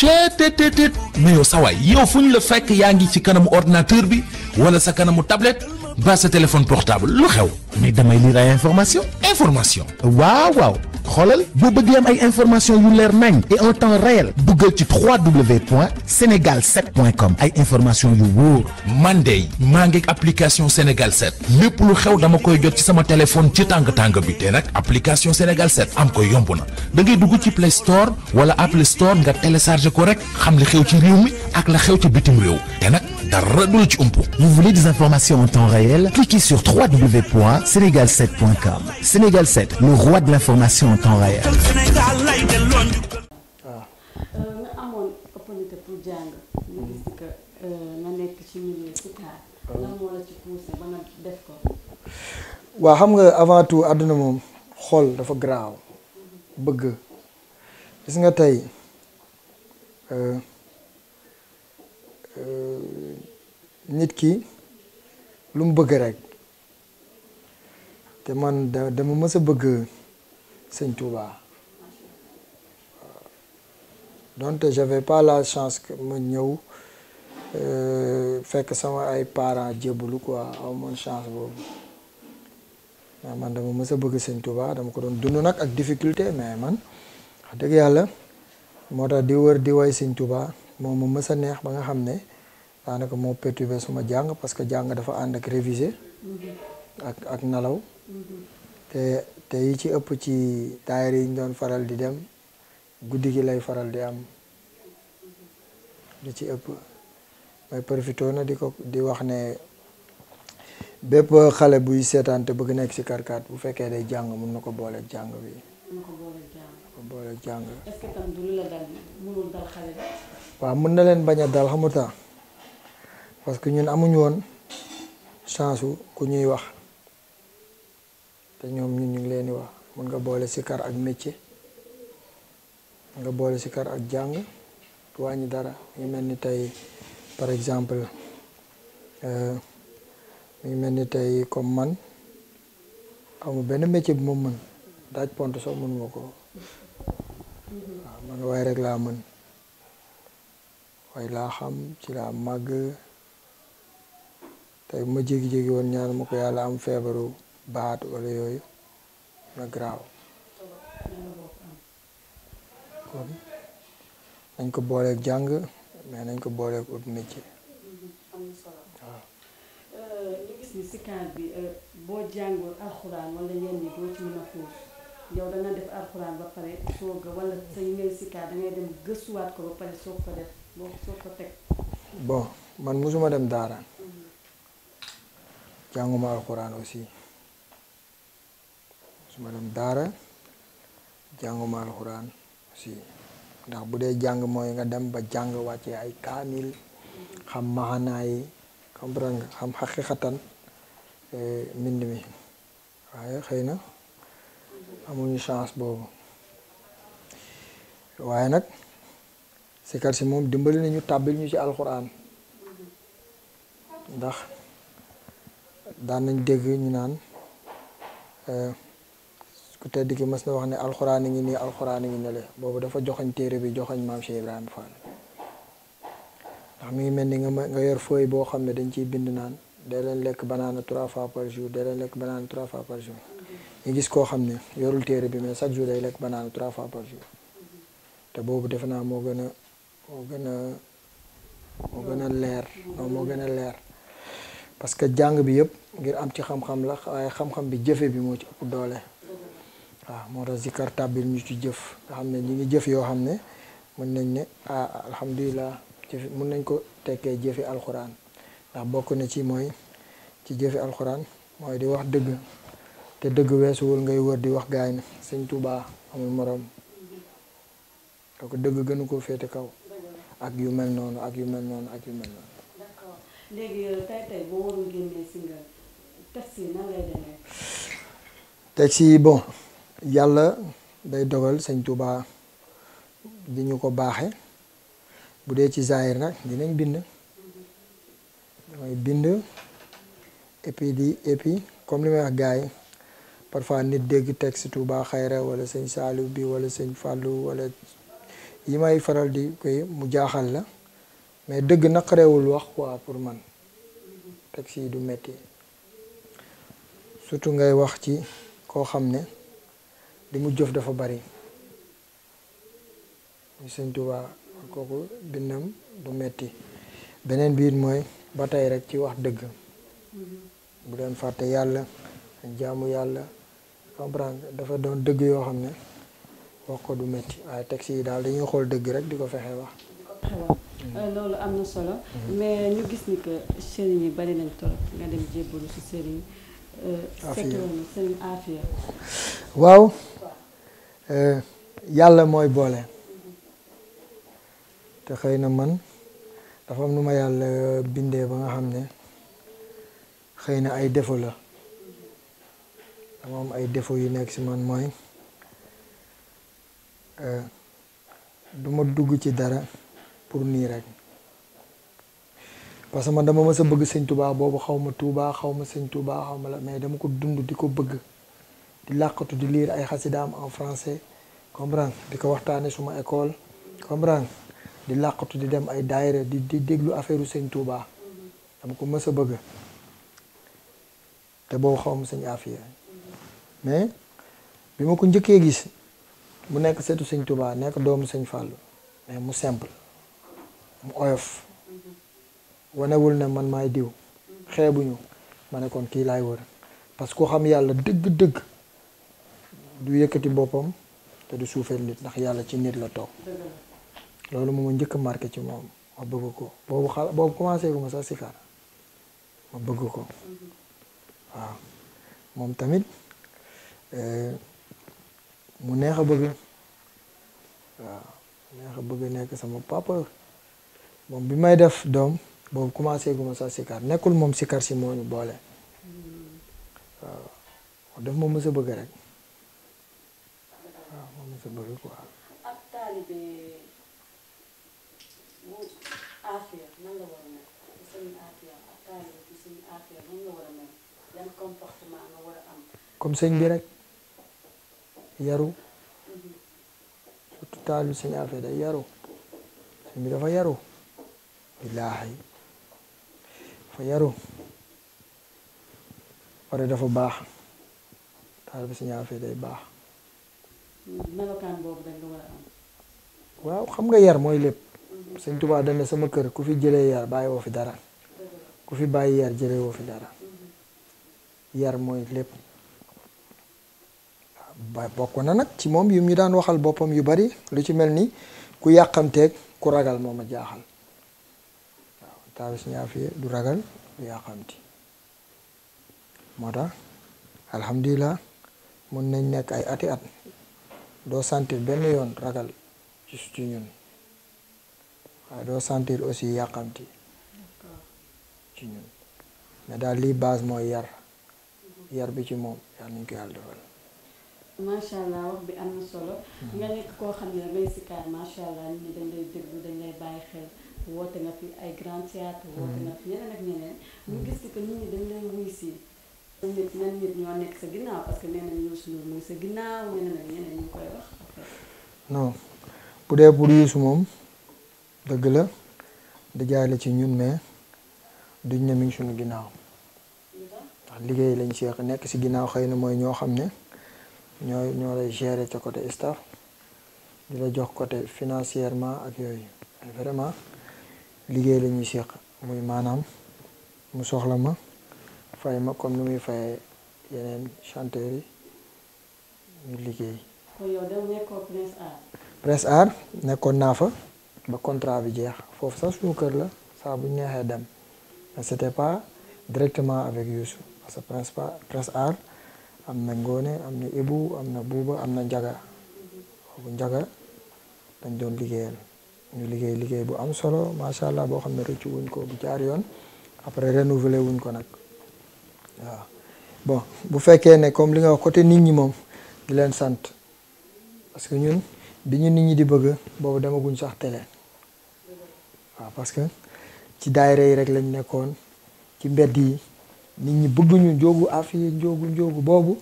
cheetetetet mais yow sawaay yow fu la fekk yaa ngi ci kanamu ordinateur bi wala sa kanamu tablette ba sa téléphone portable lu xew mais damay lire ay information information waaw waaw xoolal boo bëggee am ay information yu leer nañ et en temps réel duggal ci www.senegal7.com ay information yu wóor man de maa ngi application Sénégal 7 lépp lu xew dama koy jot ci sama téléphone ci tàng tàng bi te nag application Sénégal 7 am ko yomb na da ngay dugg ci Play Store wala Apple Store nga télécharge ko rek xam li xew ci réew mi ak la xew ci bitim réew te nag dara du la ci umpu. Vous voulez des informations en temps réel? Cliquez sur Sénégal 7, le roi de l'information temps euh, nga amoon opportunité euh, xam nga avant tout àdduna moom xool dafa garaaw. bëgg gis nga tey euh, nit ki lu mu bëgg rek te man dama mës bëgg. sëñ Touba donte j'avais pas la chance ma ñëw euh, fekk sama ay parents jébbalu quoi aw moon chance boobu mais ah, man dama mës a bëgg sëñ Touba dama ko doon dund nag ak difficulté mais man wax dëgg yàlla moo tax di wër di way sëñ Touba moom mu mës a neex ba nga xam ne daanaka moo perturbé suma jàng parce que jàng dafa ànd ak révisé ak ak nalaw mm-hmm. te te yi ci ëpp ci daayira yi ñu doon faral di dem guddi gi lay faral di am lu ci ëpp may profité na di ko di wax ne bépp xale buy seetaan te bëgg nekk ci karkaat bu fekkee day jàng mun na ko booleeg jàng bi. mun ko mën na leen bañ a dal xamuta parce que ñun amuñu woon chance ku ñuy wax. te ñoom ñun ñu ngi leen di wax mën nga boole kar ak métier mën nga boole si kar ak jàng wàññi dara mu mel ni tey par exemple euh, mu mel ni tey comme man amu benn métier bu ma mën daaj pont sax mën ko waaw man waaye rek laa mën waaye laa xam ci laa màgg tey ma jégi-jégi woon ñaan ma ko yàlla am feebaru baat wala yooyu na garaaw nañ ko booleek jàng mais nañ ko booleeg ut métier waaw ñu bi euh, boo jàngul alxuraan wala yenn yi doo ci mën a xuus yow da def alxuraan ba pare soog a wala te dem ko ba boo man mosuma dem daara jànguma alxuraan aussi su ma dem daara jànguma alxuraan si ndax bu dee jàng mooy nga dem ba jàng wàcce ay kaamil xam maxanaa yi comprendre nga mbind mi waaye xëy na amuñu chance boobu waaye nag sikar si moom dimbali nañu tàbbil ñu ci alxuraan ndax daan nañ dégg ñu naan eh, ku tedd ki mas na wax ne alxuraan ngi nii alxuraan a ngi ne le boobu dafa joxañ téere bi joxañ maam Cheikh Ibrahima Fall ndax mi ngi mel ni nga ma nga yor feuille boo xam ne dañ ciy bind naan day leen lekk banaana trois fois par jour day leen lekk banaana trois fois par jour ñu gis koo xam ne yorul téere bi mais chaque jour day lekk banaana trois fois par jour te boobu defe naa moo gën a moo gën a moo gën a leer non moo gën a leer parce que jàng bi yëpp ngir am ci xam la waaye xam bi jëfe bi moo doole waaw moo tax zikar tàbbir ñu ci jëf nga xam ne ñu ngi jëf yoo xam ne mën nañ ne ah alhamdulilah jëf mën nañ ko tekkee jëfi alxuraan ndax bokk na ci mooy ci jëfi alxuraan mooy di wax dëgg te dëgg weesuwul ngay wër di wax gaay na sëñ Tuubaa amul morom donc dëgg gënu ko féete kaw ak yu mel noonu ak yu mel noonu ak yu mel noonu. d'accord léegi euh, tey yi bon. yàlla day dogal sëñ Tuuba di ñu ko baaxe bu dee ci zaahir nag dinañ bind damay bind et di et comme li may wax gars yi parfois nit dégg texte Tuuba xayra wala sëñ Saaliw bi wala sëñ Fàllu wala yi may faral di koy mu jaaxal la mais dëgg naqarewul wax quoi pour man texte yi du metti surtout ngay wax ci koo xam ne li mu jëf dafa bari muy sëñ Tuubaa kooku bindam du metti beneen biir mooy ba tey rek ci wax dëgg bu leen fàtte yàlla jaamu yàlla comprendre dafa doon dëgg yoo xam ne wax ko du metti waaye texte yi daal dañuy xool dëgg rek di ko fexe wax euh, loolu am na solo mais ñu gis ni que sëriñ yi bari nañ torop nga dem jébbalu ci sëriñ. Euh, Afiya waaw Eh, yàlla mooy boole te xëy na man dafa am nu ma yàlla bindee ba nga xam ne xëy na ay défaut la dama am ay défaut yu nekk si man mooy eh, du ma dugg ci dara pour nii rek parce que man dama mës a bëgg sëñ Tuubaa boobu xaw ma Tuubaa xaw ma sëñ Tuubaa xaw ma la mais dama ko dund di ko bëgg di làqatu di liir ay xasidaam en français comprendre di ko waxtaane suma école comprendre di làqatu di dem ay daayira di di déglu affaire sëñ Touba dama ko mës a bëgg te boobu xaw ma sëñ Afia mais bi ma ko njëkkee gis mu nekk seetu sëñ Touba nekk doomu sëñ Fallou mais mu simple mu oyof wanewul ne man maay diw xeebuñu ma ne kon kii lay wër parce que xam yàlla dëgg-dëgg du yëkkati boppam te du suufeel nit ndax yàlla ci nit la toog loolu moom njëkk marqué ci moom ma bëgg ko boobu xala boobu commencé gu ma sax sikar ma bëgg ko waaw moom tamit euh, mu neex a bëgg waaw neex a bëgg nekk sama papa moom bi may def doom boobu commencé gu ma sax nekkul moom sikar si moo ñu boole waaw daf ma mës a bëgg rek waaw ah, moom sa ab taalibe bu Afia nan la war a mel sëñ Afia ab taalibe bu sëñ Afia nan yaru surtout taalibe sëñ Afia day yaru sëñ bi dafa yaru billaahi yaru wala dafa baax taalibe day baax. melokaan waaw xam nga yar mooy lépp. sëñ Tuubaa dana sama kër ku fi jëlee yar bàyyi woo fi dara. ku fi bàyyi yar jëlee fi dara. yar mooy lépp. ba bokk na nag ci moom yu ñu daan waxal boppam yu bari lu ci mel ni ku yàqamteeg ku ragal moom a jaaxal waaw taawis ñaafee du ragal du yàqamti moo tax alhamdulilah mun nañ nekk ay ati at doo sentir benn yoon ragal ci ñun waaye doo sentir aussi yàqamti ci ñun mais daal lii baas mooy yar yar bi ci moom yar nañ ko yàlla defal macha allah wax bi am na solo hmm. nga nekk koo xam ne dangay sikkaar macha allah nit ñi dañ lay déglu bàyyi xel woote nga fi ay grand théâtre woote nga fi ñeneen ak ñeneen ñu hmm. gis que nit ñi dañ lay wuy si ñun nekk sa ginnaaw parce que nee nañ Youssou Ndour sa ginnaaw non bu dee pour Youssou moom dëgg la di jaarale ci ñun mais duñ ne mi sunu ginnaaw ndax liggéey lañ seex nekk si ginnaaw xëy na mooy ñoo xam ne ñooy ñoo lay gere ca côté staff di la jox côté financièrement ak yooyu vraiment liggéey lañuy ñuy muy maanaam mu soxla ma. fay ma comme ni muy fayee yeneen chanteur yi ñu liggéey. kon Art. Prince Art nekkoon naa fa ba contrat bi jeex foofu sax suñu kër la saa bu ñu neexee dem mais c'était pas directement avec Youssou parce que Prince pas Prince Art am na Ngone am na Ibou am na Bouba am na Njaga bu Njaga dañ doon liggéeyal ñu liggéey liggéey bu am solo macha allah boo xam ne rëccu wuñ ko bu jaar yoon après renouveler wuñ ko nag. waaw bon bu fekkee ne comme li nga wax côté nit ñi moom di leen sant parce que ñun bi ñu nit ñi di bëgg boobu demaguñ sax télé waaw parce que ci daayira yi rek lañ nekkoon ci mbedd yi nit ñi bëgguñu njóogu afiya njóogu njóogu boobu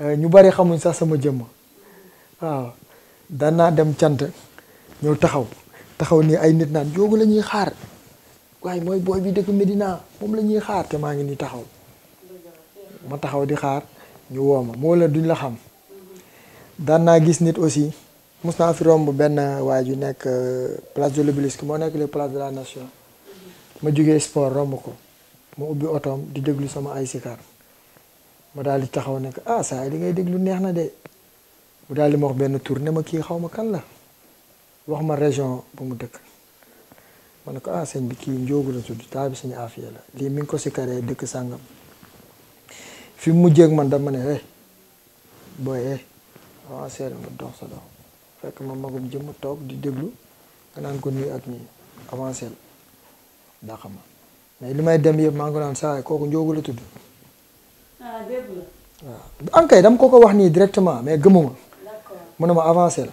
euh, ñu bari xamuñ sax sama jëmm waaw daan naa dem cant ñëw taxaw taxaw nii ay nit naan njóogu la ñuy xaar waaye mooy booy bi dëkk Medina moom la ñuy xaar te maa ngi ni taxaw ma taxaw di xaar ñu woo ma moo la duñ la xam daan naa gis nit aussi mos naa fi romb benn waay ju nekk euh, place de l'Obélisque moo nekk le place de la nation ma jógee sport romb ko ma ubbi otoom di déglu sama ay sikar ma daal di taxaw nekk ah saa yi li ngay déglu neex na de mu daal di ma wax benn tur ne ma kii xaw ma kan la wax ma région bu mu dëkk ma ne ko ah sëñ bi kii njóogu su tudd taa bi suñu affaire la lii mi ngi ko sikaree dëkk sàngam fi mujjee ak man dama ne eh booy eh avancé nga dox sa dox fekk ma magum jëmm toog di déglu nga naan ko nii ak nii avancé daa xam mais li may dem yëpp maa ngi ko naan saa kooku njóogu la tudd. ah dégg waaw ankay dama ko wax nii directement mais gëmuma. d'accord mu ma avancé la.